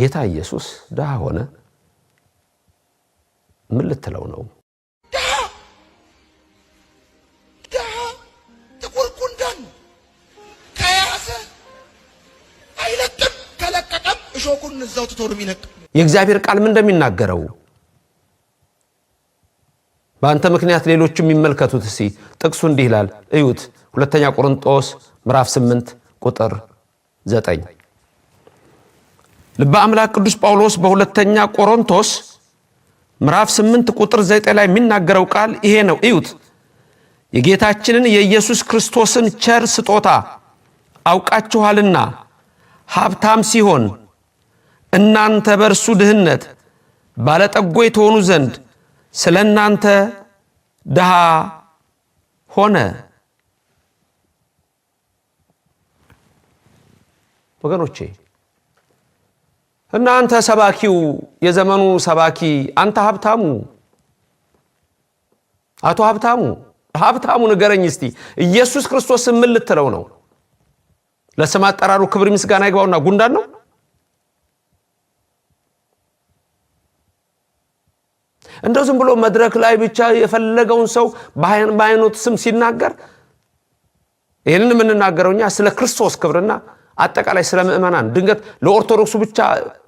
ጌታ ኢየሱስ ድሃ ሆነ። ምን ልትለው ነው? የእግዚአብሔር ቃል ምን እንደሚናገረው በአንተ ምክንያት ሌሎቹ የሚመልከቱት እሲ ጥቅሱ እንዲህ ይላል፣ እዩት። ሁለተኛ ቆሮንጦስ ምዕራፍ 8 ቁጥር 9 ልበ አምላክ ቅዱስ ጳውሎስ በሁለተኛ ቆሮንቶስ ምዕራፍ 8 ቁጥር 9 ላይ የሚናገረው ቃል ይሄ ነው። እዩት። የጌታችንን የኢየሱስ ክርስቶስን ቸር ስጦታ አውቃችኋልና ሀብታም ሲሆን እናንተ በእርሱ ድህነት ባለጠጎ የተሆኑ ዘንድ ስለ እናንተ ድሃ ሆነ። ወገኖቼ እና አንተ ሰባኪው የዘመኑ ሰባኪ አንተ ሀብታሙ አቶ ሀብታሙ ሀብታሙ ንገረኝ እስቲ ኢየሱስ ክርስቶስ ምን ልትለው ነው? ለስም አጠራሩ ክብር ምስጋና ይግባውና ጉንዳን ነው? እንደው ዝም ብሎ መድረክ ላይ ብቻ የፈለገውን ሰው በሃይማኖት ስም ሲናገር ይህንን የምንናገረው እኛ ስለ ክርስቶስ ክብርና አጠቃላይ ስለ ምእመናን ድንገት ለኦርቶዶክሱ ብቻ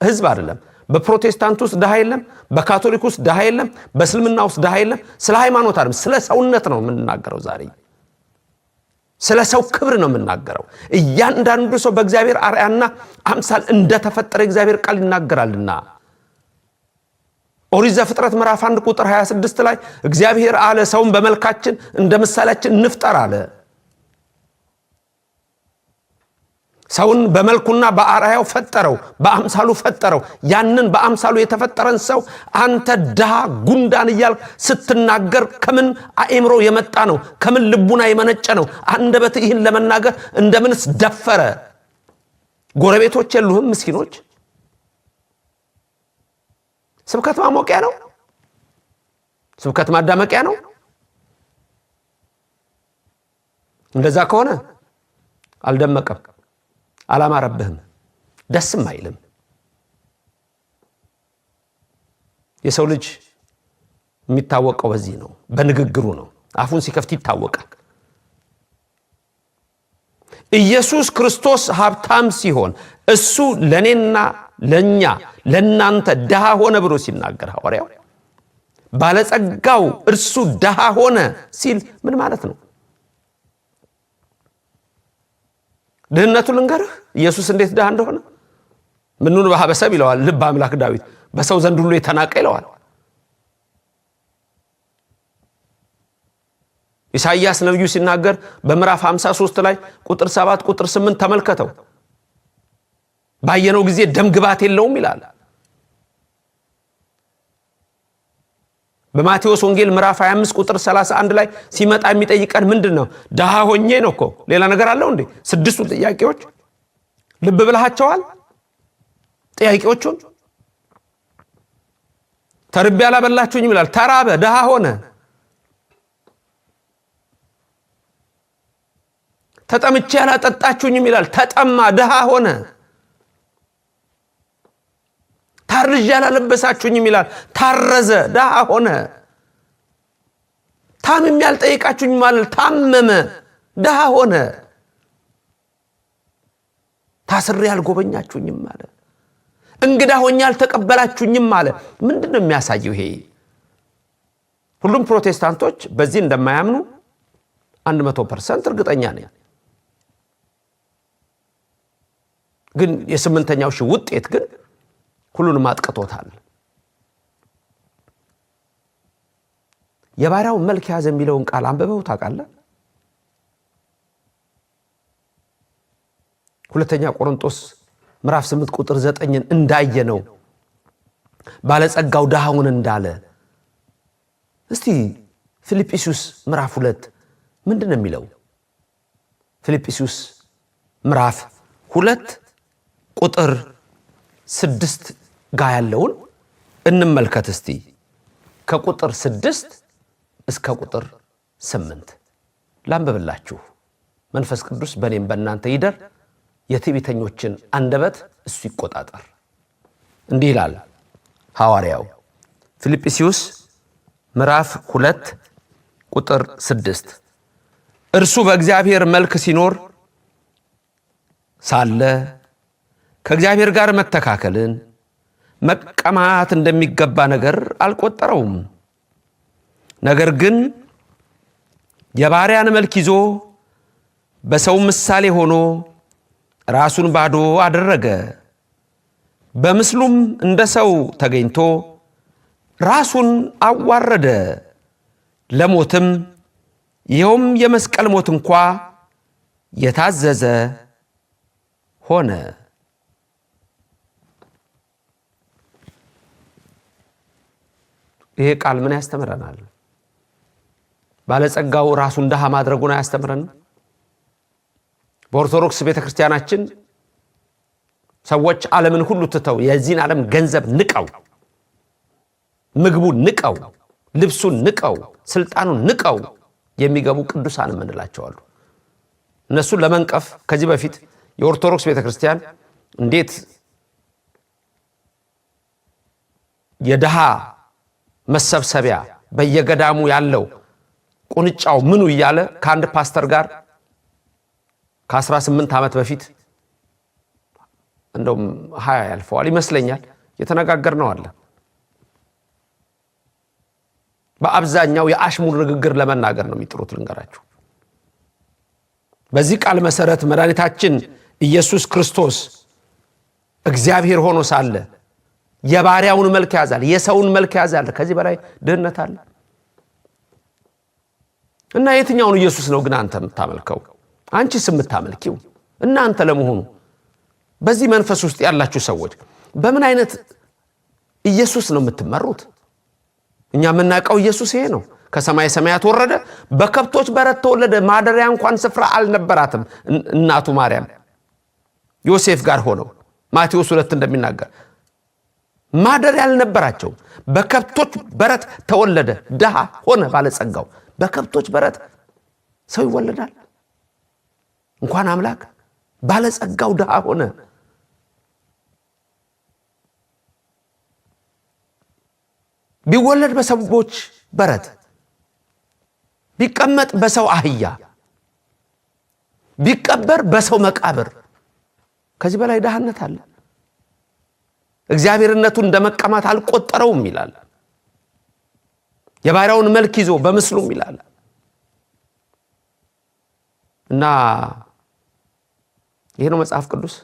ህዝብ አይደለም። በፕሮቴስታንት ውስጥ ድሃ የለም፣ በካቶሊክ ውስጥ ድሃ የለም፣ በእስልምና ውስጥ ድሃ የለም። ስለ ሃይማኖት አይደለም፣ ስለ ሰውነት ነው የምንናገረው ዛሬ ስለ ሰው ክብር ነው የምናገረው። እያንዳንዱ ሰው በእግዚአብሔር አርያና አምሳል እንደተፈጠረ እግዚአብሔር ቃል ይናገራልና ኦሪት ዘፍጥረት ምዕራፍ አንድ ቁጥር 26 ላይ እግዚአብሔር አለ ሰውን በመልካችን እንደ ምሳሌያችን እንፍጠር አለ። ሰውን በመልኩና በአርአያው ፈጠረው፣ በአምሳሉ ፈጠረው። ያንን በአምሳሉ የተፈጠረን ሰው አንተ ድሃ ጉንዳን እያል ስትናገር ከምን አእምሮ የመጣ ነው? ከምን ልቡና የመነጨ ነው? አንደበት ይህን ለመናገር እንደምንስ ደፈረ? ጎረቤቶች የሉህም? ምስኪኖች ስብከት ማሞቂያ ነው። ስብከት ማዳመቂያ ነው። እንደዛ ከሆነ አልደመቀም። አላማረብህም፣ ደስም አይልም። የሰው ልጅ የሚታወቀው በዚህ ነው፣ በንግግሩ ነው። አፉን ሲከፍት ይታወቃል። ኢየሱስ ክርስቶስ ሀብታም ሲሆን እሱ ለእኔና ለእኛ ለእናንተ ድሃ ሆነ ብሎ ሲናገር ሐዋርያው ባለጸጋው እርሱ ድሃ ሆነ ሲል ምን ማለት ነው? ድህነቱ ልንገርህ ኢየሱስ እንዴት ድሃ እንደሆነ ምኑን ባህበሰብ ይለዋል ልብ አምላክ ዳዊት በሰው ዘንድ ሁሉ የተናቀ ይለዋል። ኢሳይያስ ነቢዩ ሲናገር በምዕራፍ 53 ላይ ቁጥር 7 ቁጥር 8 ተመልከተው። ባየነው ጊዜ ደም ግባት የለውም ይላል። በማቴዎስ ወንጌል ምዕራፍ 25 ቁጥር 31 ላይ ሲመጣ የሚጠይቀን ምንድን ነው? ድሃ ሆኜ ነው እኮ ሌላ ነገር አለው እንዴ? ስድስቱ ጥያቄዎች ልብ ብለሃቸዋል? ጥያቄዎቹን ተርቤ አላበላችሁኝ ይላል። ተራበ፣ ድሃ ሆነ፣ ተጠምቼ ያላጠጣችሁኝም ይላል። ተጠማ፣ ድሃ ሆነ፣ ታርዤ ያላለበሳችሁኝም ይላል። ታረዘ፣ ድሃ ሆነ፣ ታምሜ ያልጠየቃችሁኝም አለ። ታመመ፣ ድሃ ሆነ። ታስሬ አልጎበኛችሁኝም አለ። እንግዳ ሆኛ አልተቀበላችሁኝም አለ። ምንድን ነው የሚያሳየው ይሄ? ሁሉም ፕሮቴስታንቶች በዚህ እንደማያምኑ 100 ፐርሰንት እርግጠኛ ነኝ። ግን የስምንተኛው ሺህ ውጤት ግን ሁሉንም አጥቅቶታል። የባሪያውን መልክ የያዘ የሚለውን ቃል አንበበው ታውቃለህ? ሁለተኛ ቆሮንጦስ ምዕራፍ 8 ቁጥር 9ን እንዳየ ነው ባለጸጋው ድሃውን እንዳለ። እስቲ ፊልጵስዩስ ምዕራፍ 2 ምንድን ነው የሚለው? ፊልጵስዩስ ምዕራፍ 2 ቁጥር 6 ጋ ያለውን እንመልከት እስቲ ከቁጥር 6 እስከ ቁጥር 8 ላንብብላችሁ። መንፈስ ቅዱስ በእኔም በእናንተ ይደር። የትዕቢተኞችን አንደበት እሱ ይቆጣጠር። እንዲህ ይላል ሐዋርያው ፊልጵስዩስ ምዕራፍ ሁለት ቁጥር ስድስት እርሱ በእግዚአብሔር መልክ ሲኖር ሳለ ከእግዚአብሔር ጋር መተካከልን መቀማት እንደሚገባ ነገር አልቆጠረውም። ነገር ግን የባሪያን መልክ ይዞ በሰው ምሳሌ ሆኖ ራሱን ባዶ አደረገ። በምስሉም እንደ ሰው ተገኝቶ ራሱን አዋረደ፣ ለሞትም ይኸውም የመስቀል ሞት እንኳ የታዘዘ ሆነ። ይሄ ቃል ምን ያስተምረናል? ባለጸጋው ራሱን ድሃ ማድረጉን አያስተምረንም? በኦርቶዶክስ ቤተ ክርስቲያናችን ሰዎች ዓለምን ሁሉ ትተው የዚህን ዓለም ገንዘብ ንቀው፣ ምግቡን ንቀው፣ ልብሱን ንቀው፣ ስልጣኑን ንቀው የሚገቡ ቅዱሳን የምንላቸዋሉ አሉ። እነሱን ለመንቀፍ ከዚህ በፊት የኦርቶዶክስ ቤተ ክርስቲያን እንዴት የድሃ መሰብሰቢያ በየገዳሙ ያለው ቁንጫው ምኑ እያለ ከአንድ ፓስተር ጋር ከ18 ዓመት በፊት እንደውም ሀያ ያልፈዋል ይመስለኛል የተነጋገር ነው አለ። በአብዛኛው የአሽሙር ንግግር ለመናገር ነው የሚጥሩት። ልንገራችሁ፣ በዚህ ቃል መሰረት መድኃኒታችን ኢየሱስ ክርስቶስ እግዚአብሔር ሆኖ ሳለ የባሪያውን መልክ ያዛል፣ የሰውን መልክ ያዛል። ከዚህ በላይ ድህነት አለ? እና የትኛውን ኢየሱስ ነው ግን አንተ የምታመልከው? አንቺስ የምታመልኪው እናንተ ለመሆኑ በዚህ መንፈስ ውስጥ ያላችሁ ሰዎች በምን አይነት ኢየሱስ ነው የምትመሩት? እኛ የምናውቀው ኢየሱስ ይሄ ነው። ከሰማይ ሰማያት ወረደ፣ በከብቶች በረት ተወለደ። ማደሪያ እንኳን ስፍራ አልነበራትም እናቱ ማርያም ዮሴፍ ጋር ሆነው ማቴዎስ ሁለት እንደሚናገር ማደሪያ አልነበራቸውም። በከብቶች በረት ተወለደ፣ ድሃ ሆነ ባለጸጋው። በከብቶች በረት ሰው ይወለዳል። እንኳን አምላክ ባለጸጋው ድሃ ሆነ። ቢወለድ በሰቦች በረት፣ ቢቀመጥ በሰው አህያ፣ ቢቀበር በሰው መቃብር። ከዚህ በላይ ድሃነት አለ? እግዚአብሔርነቱ እንደ መቀማት አልቆጠረውም ይላል። የባሪያውን መልክ ይዞ በምስሉም ይላል እና ይሄ ነው መጽሐፍ ቅዱስ።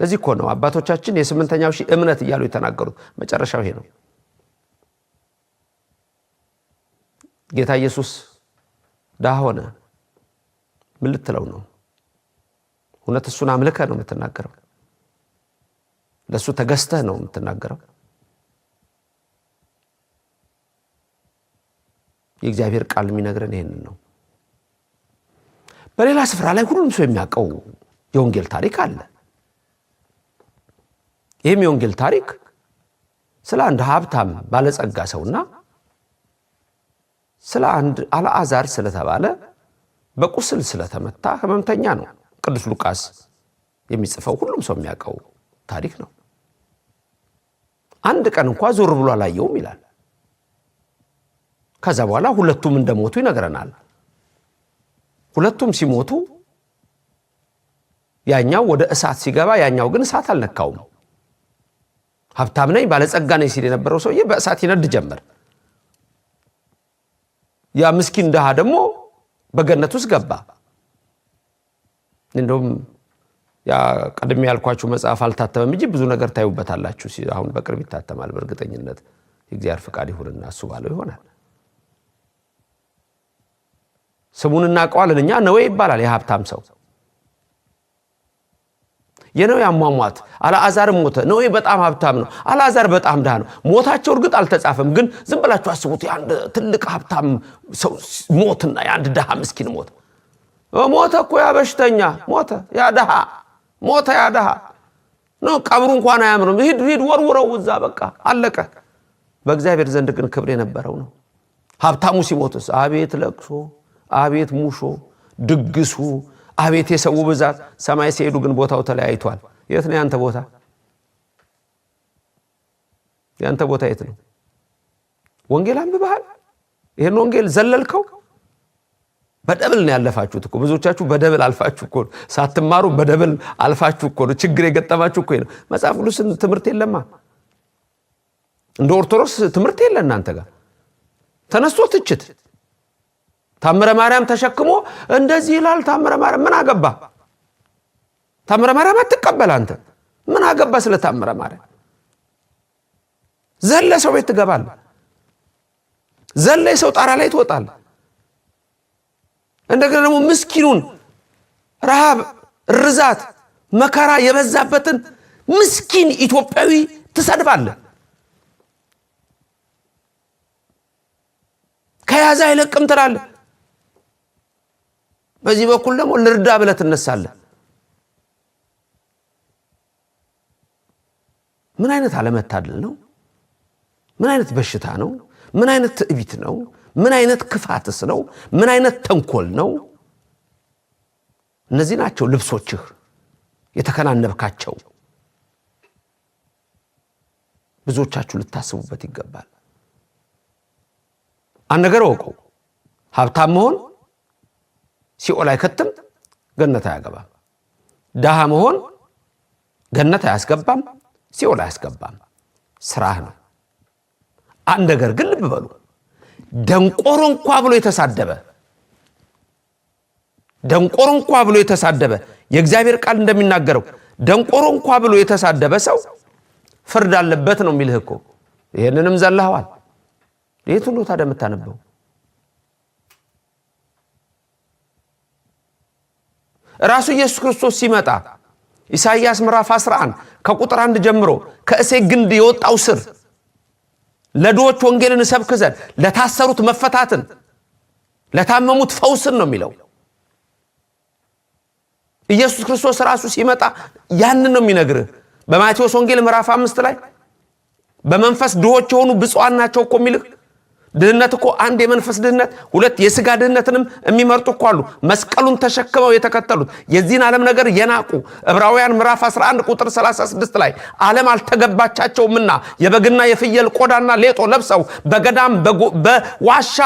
ለዚህ እኮ ነው አባቶቻችን የስምንተኛው ሺህ እምነት እያሉ የተናገሩት። መጨረሻው ይሄ ነው። ጌታ ኢየሱስ ዳ ሆነ። ምን ልትለው ነው? እውነት እሱን አምልከ ነው የምትናገረው? ለእሱ ተገዝተህ ነው የምትናገረው? የእግዚአብሔር ቃል የሚነግረን ይህንን ነው። በሌላ ስፍራ ላይ ሁሉም ሰው የሚያውቀው የወንጌል ታሪክ አለ። ይህም የወንጌል ታሪክ ስለ አንድ ሀብታም ባለጸጋ ሰውና ስለ አንድ አልዓዛር ስለተባለ በቁስል ስለተመታ ህመምተኛ ነው። ቅዱስ ሉቃስ የሚጽፈው ሁሉም ሰው የሚያውቀው ታሪክ ነው። አንድ ቀን እንኳ ዞር ብሎ አላየውም ይላል። ከዛ በኋላ ሁለቱም እንደሞቱ ይነግረናል። ሁለቱም ሲሞቱ ያኛው ወደ እሳት ሲገባ ያኛው ግን እሳት አልነካውም። ሀብታም ነኝ ባለጸጋ ነኝ ሲል የነበረው ሰውዬ በእሳት ይነድ ጀመር። ያ ምስኪን ድሃ ደግሞ በገነት ውስጥ ገባ። እንደውም ያ ቀድሜ ያልኳችሁ መጽሐፍ አልታተመም እንጂ ብዙ ነገር ታዩበታላችሁ። አሁን በቅርብ ይታተማል በእርግጠኝነት። የእግዚአብሔር ፈቃድ ይሁንና እሱ ባለው ይሆናል። ስሙን እናቀዋለን እኛ ነዌ ይባላል የሀብታም ሰው የነዌ አሟሟት አልዓዛር ሞተ ነዌ በጣም ሀብታም ነው አልዓዛር በጣም ዳ ነው ሞታቸው እርግጥ አልተጻፈም ግን ዝም ብላችሁ አስቡት የአንድ ትልቅ ሀብታም ሰው ሞትና የአንድ ድሃ ምስኪን ሞት ሞተ እኮ ያ በሽተኛ ሞተ ያ ሞተ ያ ድሃ ቀብሩ እንኳን አያምርም ሂድ ሂድ ወርውረው እዛ በቃ አለቀ በእግዚአብሔር ዘንድ ግን ክብር የነበረው ነው ሀብታሙ ሲሞትስ አቤት ለቅሶ አቤት ሙሾ ድግሱ፣ አቤት የሰው ብዛት። ሰማይ ሲሄዱ ግን ቦታው ተለያይቷል። የት ነው ያንተ ቦታ? ያንተ ቦታ የት ነው? ወንጌል አንብበሃል? ይሄን ወንጌል ዘለልከው? በደብል ነው ያለፋችሁት እኮ ብዙዎቻችሁ በደብል አልፋችሁ እኮ ሳትማሩ በደብል አልፋችሁ እኮ ነው ችግር የገጠማችሁ እኮ ነው። መጽሐፍ ቅዱስን ትምህርት የለማ እንደ ኦርቶዶክስ ትምህርት የለ እናንተ ጋር ተነስቶ ትችት ታምረ ማርያም ተሸክሞ እንደዚህ ይላል። ታምረ ማርያም ምን አገባ? ታምረ ማርያም አትቀበል አንተ ምን አገባ? ስለ ታምረ ማርያም ዘለ ሰው ቤት ትገባል። ዘለ ሰው ጣራ ላይ ትወጣል። እንደገና ደግሞ ምስኪኑን ረሃብ፣ ርዛት፣ መከራ የበዛበትን ምስኪን ኢትዮጵያዊ ትሰድባለ። ከያዘ አይለቅም ትላለህ። በዚህ በኩል ደግሞ ልርዳ ብለህ ትነሳለህ። ምን አይነት አለመታደል ነው? ምን አይነት በሽታ ነው? ምን አይነት ትዕቢት ነው? ምን አይነት ክፋትስ ነው? ምን አይነት ተንኮል ነው? እነዚህ ናቸው ልብሶችህ የተከናነብካቸው። ብዙዎቻችሁ ልታስቡበት ይገባል። አንድ ነገር እወቀው፣ ሀብታም መሆን ሲኦል አይከትም፣ ገነት አያገባም። ድሃ መሆን ገነት አያስገባም፣ ሲኦል አያስገባም። ስራህ ነው። አንድ ነገር ግን ልብ በሉ፣ ደንቆሮ እንኳ ብሎ የተሳደበ ደንቆሮ እንኳ ብሎ የተሳደበ የእግዚአብሔር ቃል እንደሚናገረው ደንቆሮ እንኳ ብሎ የተሳደበ ሰው ፍርድ አለበት ነው የሚልህ እኮ። ይህንንም ዘለኸዋል። የቱን ነው ታዲያ የምታነበው? ራሱ ኢየሱስ ክርስቶስ ሲመጣ ኢሳይያስ ምዕራፍ 11 ከቁጥር አንድ ጀምሮ ከእሴ ግንድ የወጣው ስር ለዶዎች ወንጌልን እሰብክ ዘንድ ለታሰሩት መፈታትን ለታመሙት ፈውስን ነው የሚለው። ኢየሱስ ክርስቶስ ራሱ ሲመጣ ያንን ነው የሚነግርህ። በማቴዎስ ወንጌል ምዕራፍ አምስት ላይ በመንፈስ ድሆች የሆኑ ብፁዓን ናቸው እኮ የሚልህ ድህነት እኮ አንድ የመንፈስ ድህነት፣ ሁለት የስጋ ድህነትንም የሚመርጡ እኮ አሉ። መስቀሉን ተሸክመው የተከተሉት የዚህን ዓለም ነገር የናቁ ዕብራውያን ምዕራፍ 11 ቁጥር 36 ላይ ዓለም አልተገባቻቸውምና የበግና የፍየል ቆዳና ሌጦ ለብሰው በገዳም በዋሻ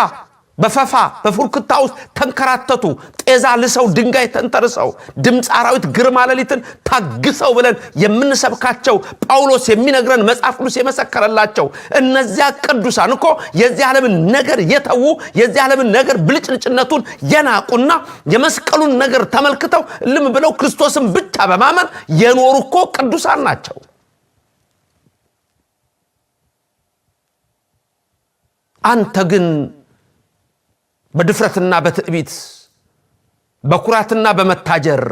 በፈፋ በፉርክታ ውስጥ ተንከራተቱ። ጤዛ ልሰው ድንጋይ ተንተርሰው ድምፅ አራዊት ግርማ ሌሊትን ታግሰው ብለን የምንሰብካቸው ጳውሎስ የሚነግረን መጽሐፍ ቅዱስ የመሰከረላቸው እነዚያ ቅዱሳን እኮ የዚህ ዓለምን ነገር የተዉ የዚህ ዓለምን ነገር ብልጭልጭነቱን የናቁና የመስቀሉን ነገር ተመልክተው ልም ብለው ክርስቶስን ብቻ በማመን የኖሩ እኮ ቅዱሳን ናቸው። አንተ ግን በድፍረትና በትዕቢት በኩራትና በመታጀር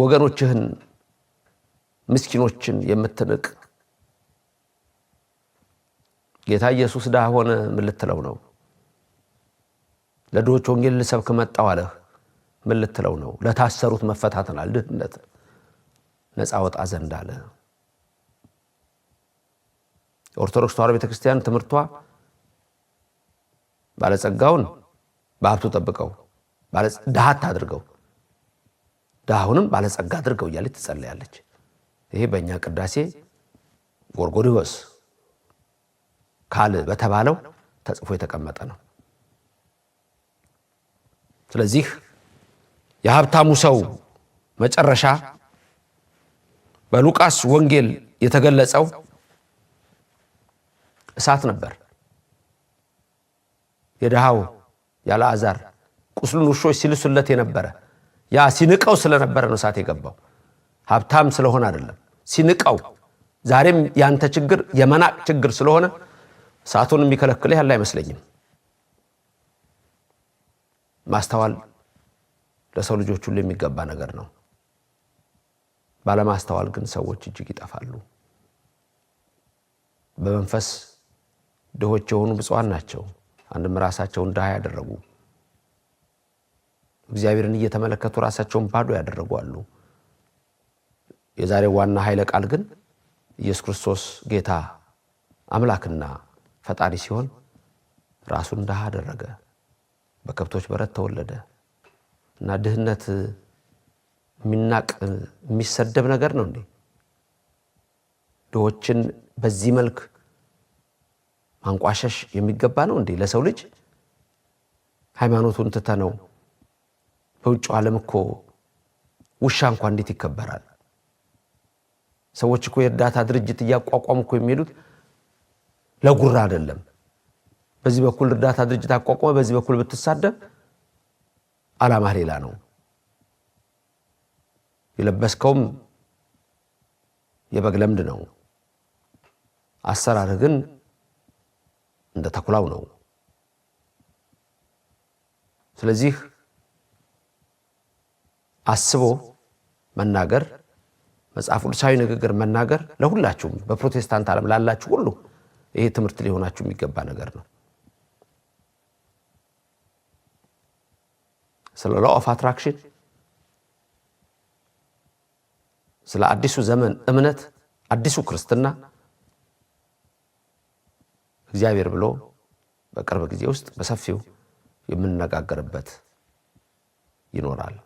ወገኖችህን ምስኪኖችን የምትንቅ ጌታ ኢየሱስ ዳ ሆነ ምን ልትለው ነው? ለድሆች ወንጌል ልሰብክ መጣው አለህ ምን ልትለው ነው? ለታሰሩት መፈታትን አለ ድህነት ነፃ ወጣ ዘንድ አለህ የኦርቶዶክስ ተዋሕዶ ቤተክርስቲያን ትምህርቷ ባለጸጋውን በሀብቱ ጠብቀው ድሃት አድርገው ዳሁንም ባለጸጋ አድርገው እያለች ትጸለያለች። ይሄ በእኛ ቅዳሴ ጎርጎድዮስ ካል በተባለው ተጽፎ የተቀመጠ ነው። ስለዚህ የሀብታሙ ሰው መጨረሻ በሉቃስ ወንጌል የተገለጸው እሳት ነበር። የድሃው ያለአዛር ቁስሉን ውሾች ሲልሱለት የነበረ ያ ሲንቀው ስለነበረ ነው እሳት የገባው። ሀብታም ስለሆነ አይደለም፣ ሲንቀው። ዛሬም ያንተ ችግር የመናቅ ችግር ስለሆነ እሳቱን የሚከለክልህ ያለ አይመስለኝም። ማስተዋል ለሰው ልጆች ሁሉ የሚገባ ነገር ነው። ባለማስተዋል ግን ሰዎች እጅግ ይጠፋሉ በመንፈስ ድሆች የሆኑ ብፁዓን ናቸው፣ አንድም ራሳቸውን ድሃ ያደረጉ እግዚአብሔርን እየተመለከቱ ራሳቸውን ባዶ ያደረጉ አሉ። የዛሬው ዋና ኃይለ ቃል ግን ኢየሱስ ክርስቶስ ጌታ አምላክና ፈጣሪ ሲሆን ራሱን ድሃ አደረገ፣ በከብቶች በረት ተወለደ እና ድህነት የሚናቅ የሚሰደብ ነገር ነው እንዴ? ድሆችን በዚህ መልክ አንቋሸሽ የሚገባ ነው እንዴ? ለሰው ልጅ ሃይማኖቱን ትተ ነው። በውጭ ዓለም እኮ ውሻ እንኳ እንዴት ይከበራል? ሰዎች እኮ የእርዳታ ድርጅት እያቋቋሙ እኮ የሚሄዱት ለጉራ አይደለም። በዚህ በኩል እርዳታ ድርጅት አቋቋመ፣ በዚህ በኩል ብትሳደብ አላማ ሌላ ነው። የለበስከውም የበግ ለምድ ነው። አሰራርህ ግን እንደ ተኩላው ነው። ስለዚህ አስቦ መናገር መጽሐፍ ቅዱሳዊ ንግግር መናገር ለሁላችሁም በፕሮቴስታንት ዓለም ላላችሁ ሁሉ ይሄ ትምህርት ሊሆናችሁ የሚገባ ነገር ነው። ስለ ሎ ኦፍ አትራክሽን፣ ስለ አዲሱ ዘመን እምነት፣ አዲሱ ክርስትና እግዚአብሔር ብሎ በቅርብ ጊዜ ውስጥ በሰፊው የምንነጋገርበት ይኖራል።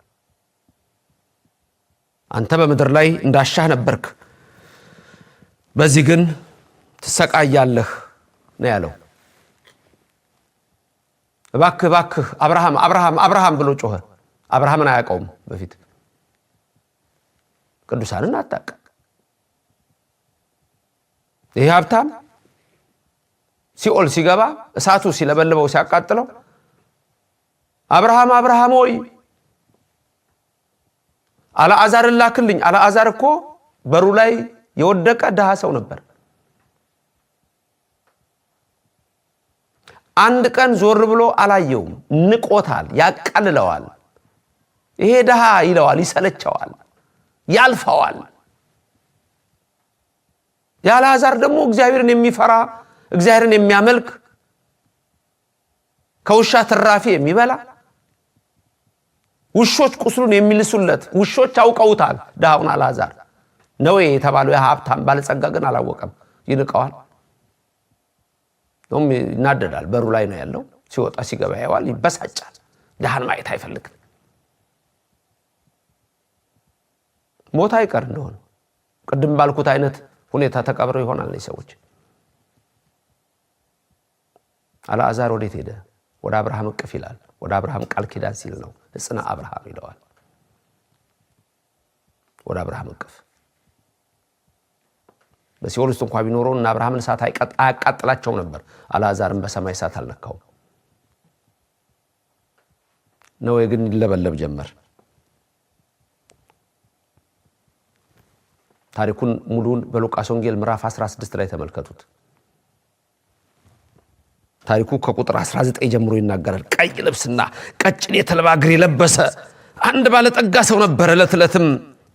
አንተ በምድር ላይ እንዳሻህ ነበርክ፣ በዚህ ግን ትሰቃያለህ ነው ያለው። እባክህ እባክህ አብርሃም አብርሃም አብርሃም ብሎ ጮኸ። አብርሃምን አያውቀውም በፊት ቅዱሳንን አታውቅ ይህ ሀብታም ሲኦል ሲገባ እሳቱ ሲለበልበው ሲያቃጥለው አብርሃም አብርሃም ሆይ አልዓዛር ላክልኝ። አልዓዛር እኮ በሩ ላይ የወደቀ ድሃ ሰው ነበር። አንድ ቀን ዞር ብሎ አላየውም። ንቆታል፣ ያቃልለዋል። ይሄ ድሃ ይለዋል፣ ይሰለቸዋል፣ ያልፈዋል። የአልዓዛር ደግሞ እግዚአብሔርን የሚፈራ እግዚአብሔርን የሚያመልክ ከውሻ ትራፊ የሚበላ ውሾች ቁስሉን የሚልሱለት ውሾች አውቀውታል። ድሃውን አላዛር ነወ የተባለው የሀብታም ባለጸጋ ግን አላወቀም። ይንቀዋል፣ ይናደዳል። በሩ ላይ ነው ያለው። ሲወጣ ሲገባ ያዋል፣ ይበሳጫል። ድሃን ማየት አይፈልግም። ሞት አይቀር እንደሆነ ቅድም ባልኩት አይነት ሁኔታ ተቀብረው ይሆናል ሰዎች አልአዛር ወዴት ሄደ? ወደ አብርሃም እቅፍ ይላል። ወደ አብርሃም ቃል ኪዳን ሲል ነው እጽና አብርሃም ይለዋል። ወደ አብርሃም እቅፍ በሲኦል ውስጥ እንኳ ቢኖረው እና አብርሃምን እሳት አያቃጥላቸው ነበር። አልአዛርን በሰማይ እሳት አልነካውም። ነዌ ግን ይለበለብ ጀመር። ታሪኩን ሙሉውን በሉቃስ ወንጌል ምዕራፍ 16 ላይ ተመልከቱት። ታሪኩ ከቁጥር 19 ጀምሮ ይናገራል። ቀይ ልብስና ቀጭን የተልባ እግር የለበሰ አንድ ባለጠጋ ሰው ነበር። ዕለት ዕለትም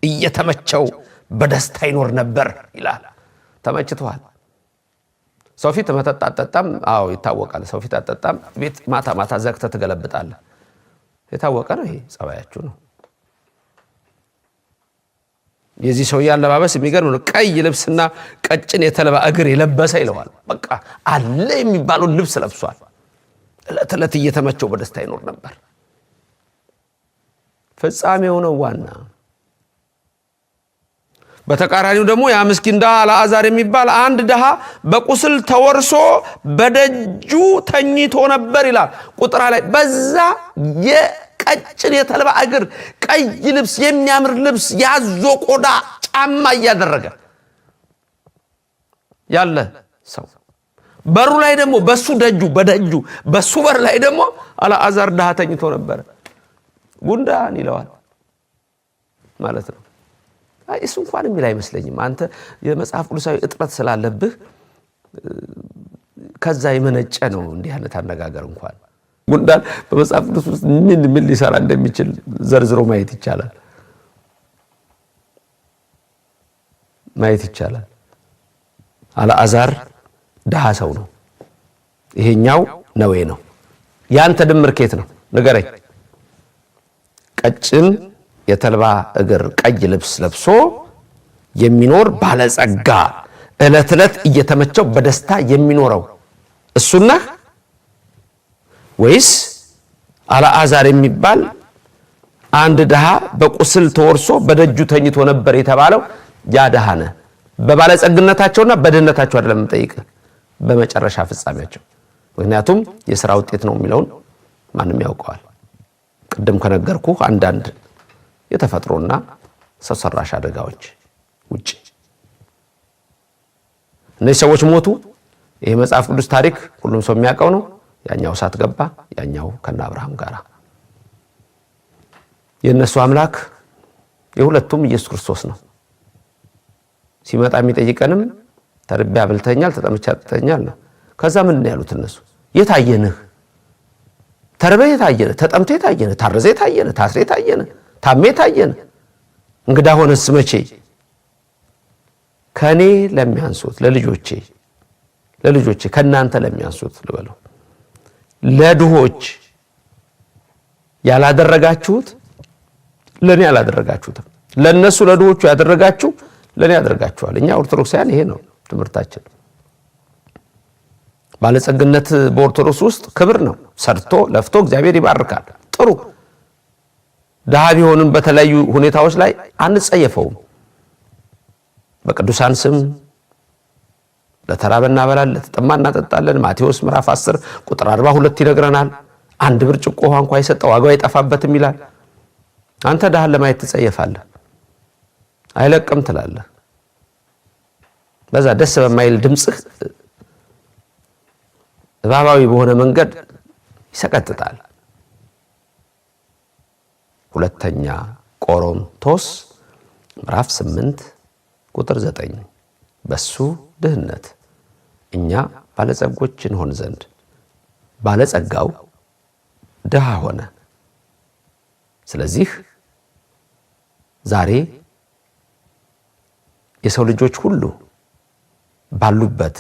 እየተመቸው በደስታ ይኖር ነበር ይላል። ተመችቷል። ሰው ፊት መጠጥ አጠጣም? አዎ ይታወቃል። ሰው ፊት አጠጣም። ቤት ማታ ማታ ዘግተህ ትገለብጣለህ። የታወቀ ነው። ይሄ ጸባያችሁ ነው። የዚህ ሰውዬ አለባበስ የሚገርም ነው። ቀይ ልብስና ቀጭን የተለባ እግር የለበሰ ይለዋል። በቃ አለ የሚባለውን ልብስ ለብሷል። እለት ዕለት እየተመቸው በደስታ ይኖር ነበር። ፍጻሜ የሆነው ዋና። በተቃራኒው ደግሞ ያ ምስኪን ድሃ አልዓዛር የሚባል አንድ ድሃ በቁስል ተወርሶ በደጁ ተኝቶ ነበር ይላል ቁጥራ ላይ በዛ ቀጭን የተልባ እግር፣ ቀይ ልብስ፣ የሚያምር ልብስ፣ ያዞ ቆዳ ጫማ እያደረገ ያለ ሰው በሩ ላይ ደግሞ በሱ ደጁ በደጁ በሱ በር ላይ ደግሞ አልዓዛር ድሃ ተኝቶ ነበረ። ጉንዳን ይለዋል ማለት ነው። እሱ እንኳን የሚል አይመስለኝም። አንተ የመጽሐፍ ቅዱሳዊ እጥረት ስላለብህ ከዛ የመነጨ ነው እንዲህ አይነት አነጋገር እንኳን ጉንዳን በመጽሐፍ ቅዱስ ውስጥ ምን ምን ሊሰራ እንደሚችል ዘርዝሮ ማየት ይቻላል ማየት ይቻላል። አልዓዛር ድሃ ሰው ነው። ይሄኛው ነዌ ነው። ያንተ ድምር ኬት ነው ንገረኝ። ቀጭን የተልባ እግር ቀይ ልብስ ለብሶ የሚኖር ባለጸጋ ዕለት ዕለት እየተመቸው በደስታ የሚኖረው እሱና ወይስ አልአዛር የሚባል አንድ ድሃ በቁስል ተወርሶ በደጁ ተኝቶ ነበር የተባለው ያ ድሃ ነ በባለጸግነታቸውና በድህነታቸው አይደለም ጠይቅ፣ በመጨረሻ ፍጻሜያቸው። ምክንያቱም የስራ ውጤት ነው የሚለውን ማንም ያውቀዋል። ቅድም ከነገርኩ አንዳንድ የተፈጥሮና ሰው ሰራሽ አደጋዎች ውጭ እነዚህ ሰዎች ሞቱ። ይህ መጽሐፍ ቅዱስ ታሪክ ሁሉም ሰው የሚያውቀው ነው። ያኛው እሳት ገባ፣ ያኛው ከነ አብርሃም ጋር። የእነሱ አምላክ የሁለቱም ኢየሱስ ክርስቶስ ነው። ሲመጣ የሚጠይቀንም ተርቤ አብልተኛል፣ ተጠምቼ አጥተኛል ነው። ከዛ ምን ነው ያሉት እነሱ? የታየንህ ተርበ የታየንህ፣ ተጠምቶ የታየንህ፣ ታርዘ የታየንህ፣ ታስረ የታየንህ፣ ታሜ የታየንህ፣ እንግዳ ሆነስ መቼ ከእኔ ለሚያንሱት ለልጆቼ ለልጆቼ ከእናንተ ለሚያንሱት ልበለው ለድሆች ያላደረጋችሁት ለእኔ አላደረጋችሁትም፣ ለእነሱ ለድሆቹ ያደረጋችሁ ለእኔ ያደርጋችኋል። እኛ ኦርቶዶክሳውያን ይሄ ነው ትምህርታችን። ባለጸግነት በኦርቶዶክስ ውስጥ ክብር ነው። ሰርቶ ለፍቶ እግዚአብሔር ይባርካል። ጥሩ ድሃ ቢሆንም በተለያዩ ሁኔታዎች ላይ አንጸየፈውም። በቅዱሳን ስም ለተራበ እናበላለን፣ ለተጠማ እናጠጣለን። ማቴዎስ ምዕራፍ 10 ቁጥር 42 ይነግረናል። አንድ ብርጭቆ ውሃ እንኳ የሰጠ ዋጋው አይጠፋበትም ይላል። አንተ ድሃን ለማየት ትጸየፋለህ፣ አይለቅም ትላለህ። በዛ ደስ በማይል ድምፅህ እባባዊ በሆነ መንገድ ይሰቀጥጣል። ሁለተኛ ቆሮንቶስ ምዕራፍ 8 ቁጥር 9 በሱ ድህነት እኛ ባለጸጎች እንሆን ዘንድ ባለጸጋው ድሃ ሆነ። ስለዚህ ዛሬ የሰው ልጆች ሁሉ ባሉበት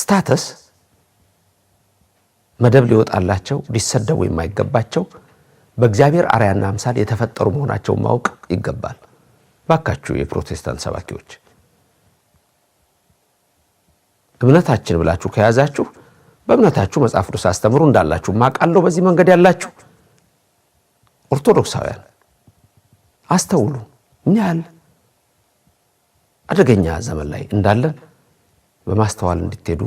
ስታተስ መደብ ሊወጣላቸው ሊሰደቡ የማይገባቸው በእግዚአብሔር አርያና አምሳል የተፈጠሩ መሆናቸውን ማወቅ ይገባል። ባካችሁ የፕሮቴስታንት ሰባኪዎች እምነታችን ብላችሁ ከያዛችሁ በእምነታችሁ መጽሐፍ ቅዱስ አስተምሩ እንዳላችሁ ማቃለው። በዚህ መንገድ ያላችሁ ኦርቶዶክሳውያን አስተውሉ። ምን ያህል አደገኛ ዘመን ላይ እንዳለን በማስተዋል እንድትሄዱ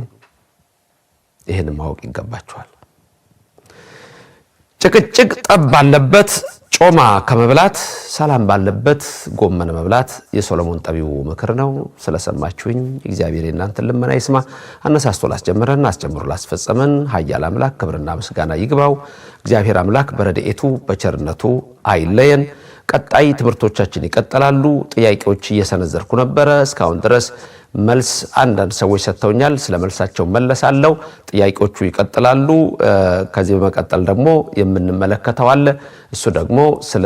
ይህን ማወቅ ይገባችኋል። ጭቅጭቅ ጠብ ባለበት ጮማ ከመብላት ሰላም ባለበት ጎመን መብላት የሶሎሞን ጠቢቡ ምክር ነው። ስለሰማችሁኝ እግዚአብሔር የእናንተን ልመና ይስማ። አነሳስቶ ላስጀምረን አስጀምሮ ላስፈጸመን ኃያል አምላክ ክብርና ምስጋና ይግባው። እግዚአብሔር አምላክ በረድኤቱ በቸርነቱ አይለየን። ቀጣይ ትምህርቶቻችን ይቀጥላሉ። ጥያቄዎች እየሰነዘርኩ ነበረ። እስካሁን ድረስ መልስ አንዳንድ ሰዎች ሰጥተውኛል። ስለ መልሳቸው መለሳለሁ። ጥያቄዎቹ ይቀጥላሉ። ከዚህ በመቀጠል ደግሞ የምንመለከተው አለ። እሱ ደግሞ ስለ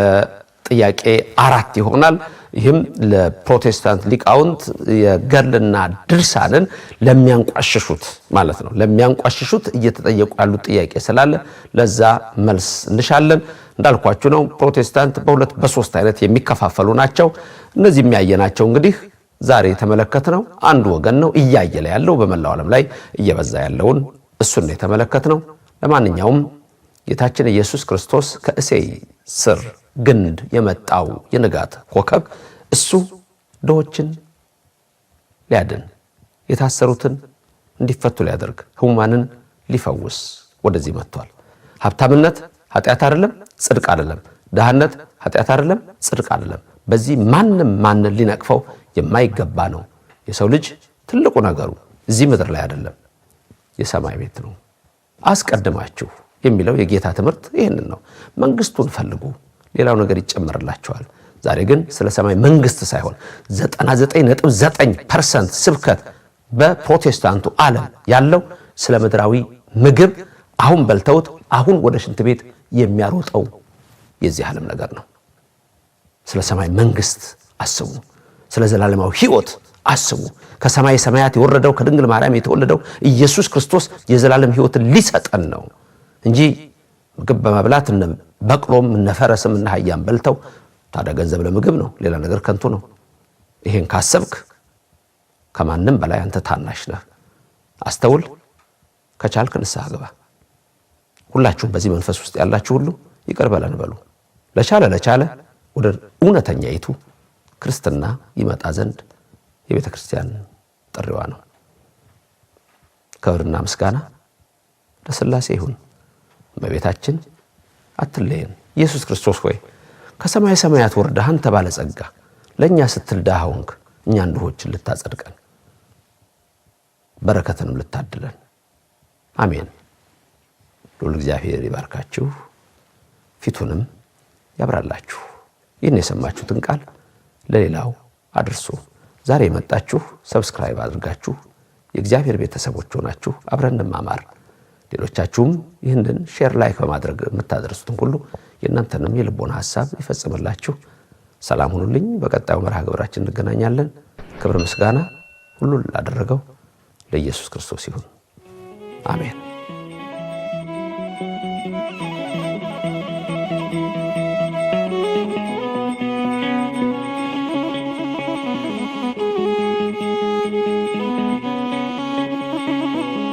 ጥያቄ አራት ይሆናል። ይህም ለፕሮቴስታንት ሊቃውንት የገድልና ድርሳንን ለሚያንቋሽሹት ማለት ነው ለሚያንቋሽሹት እየተጠየቁ ያሉት ጥያቄ ስላለ ለዛ መልስ እንሻለን። እንዳልኳችሁ ነው ፕሮቴስታንት በሁለት በሶስት አይነት የሚከፋፈሉ ናቸው። እነዚህ የሚያየናቸው እንግዲህ ዛሬ የተመለከትነው አንዱ ወገን ነው እያየለ ያለው በመላው ዓለም ላይ እየበዛ ያለውን እሱን ነው ለማንኛውም ጌታችን ኢየሱስ ክርስቶስ ከእሴይ ስር ግንድ የመጣው የንጋት ኮከብ እሱ ድሆችን ሊያድን የታሰሩትን እንዲፈቱ ሊያደርግ ሕሙማንን ሊፈውስ ወደዚህ መጥቷል። ሀብታምነት ኃጢአት አይደለም፣ ጽድቅ አይደለም። ድህነት ኃጢአት አይደለም፣ ጽድቅ አይደለም። በዚህ ማንም ማንን ሊነቅፈው የማይገባ ነው። የሰው ልጅ ትልቁ ነገሩ እዚህ ምድር ላይ አይደለም፣ የሰማይ ቤት ነው። አስቀድማችሁ የሚለው የጌታ ትምህርት ይህንን ነው። መንግስቱን ፈልጉ፣ ሌላው ነገር ይጨመርላቸዋል። ዛሬ ግን ስለ ሰማይ መንግስት ሳይሆን 99.9 ፐርሰንት ስብከት በፕሮቴስታንቱ ዓለም ያለው ስለ ምድራዊ ምግብ አሁን በልተውት አሁን ወደ ሽንት ቤት የሚያሮጠው የዚህ ዓለም ነገር ነው። ስለ ሰማይ መንግስት አስቡ፣ ስለ ዘላለማዊ ሕይወት አስቡ። ከሰማይ ሰማያት የወረደው ከድንግል ማርያም የተወለደው ኢየሱስ ክርስቶስ የዘላለም ሕይወትን ሊሰጠን ነው። እንጂ ምግብ በመብላት እነ በቅሎም እነ ፈረስም እነ አህያም በልተው ታዲያ ገንዘብ ለምግብ ነው፣ ሌላ ነገር ከንቱ ነው። ይሄን ካሰብክ ከማንም በላይ አንተ ታናሽ ነህ። አስተውል፣ ከቻልክ ንስሐ ግባ። ሁላችሁም በዚህ መንፈስ ውስጥ ያላችሁ ሁሉ ይቅር በለን በሉ። ለቻለ ለቻለ ወደ እውነተኛይቱ ክርስትና ይመጣ ዘንድ የቤተ ክርስቲያን ጥሪዋ ነው። ክብርና ምስጋና ለስላሴ ይሁን። እመቤታችን አትለየን። ኢየሱስ ክርስቶስ ሆይ ከሰማይ ሰማያት ወርደህ አንተ ባለጸጋ ለእኛ ስትል ድሃ ሆንክ። እኛን ድሆችን ልታጸድቀን በረከትንም ልታድለን። አሜን። ሉል እግዚአብሔር ይባርካችሁ፣ ፊቱንም ያብራላችሁ። ይህን የሰማችሁትን ቃል ለሌላው አድርሶ ዛሬ የመጣችሁ ሰብስክራይብ አድርጋችሁ የእግዚአብሔር ቤተሰቦች ሆናችሁ አብረን እንማማር። ሌሎቻችሁም ይህንን ሼር ላይክ በማድረግ የምታደርሱትን ሁሉ የእናንተንም የልቦና ሀሳብ ይፈጽምላችሁ። ሰላም ሁኑልኝ። በቀጣዩ መርሃ ግብራችን እንገናኛለን። ክብር ምስጋና ሁሉን ላደረገው ለኢየሱስ ክርስቶስ ይሁን፣ አሜን።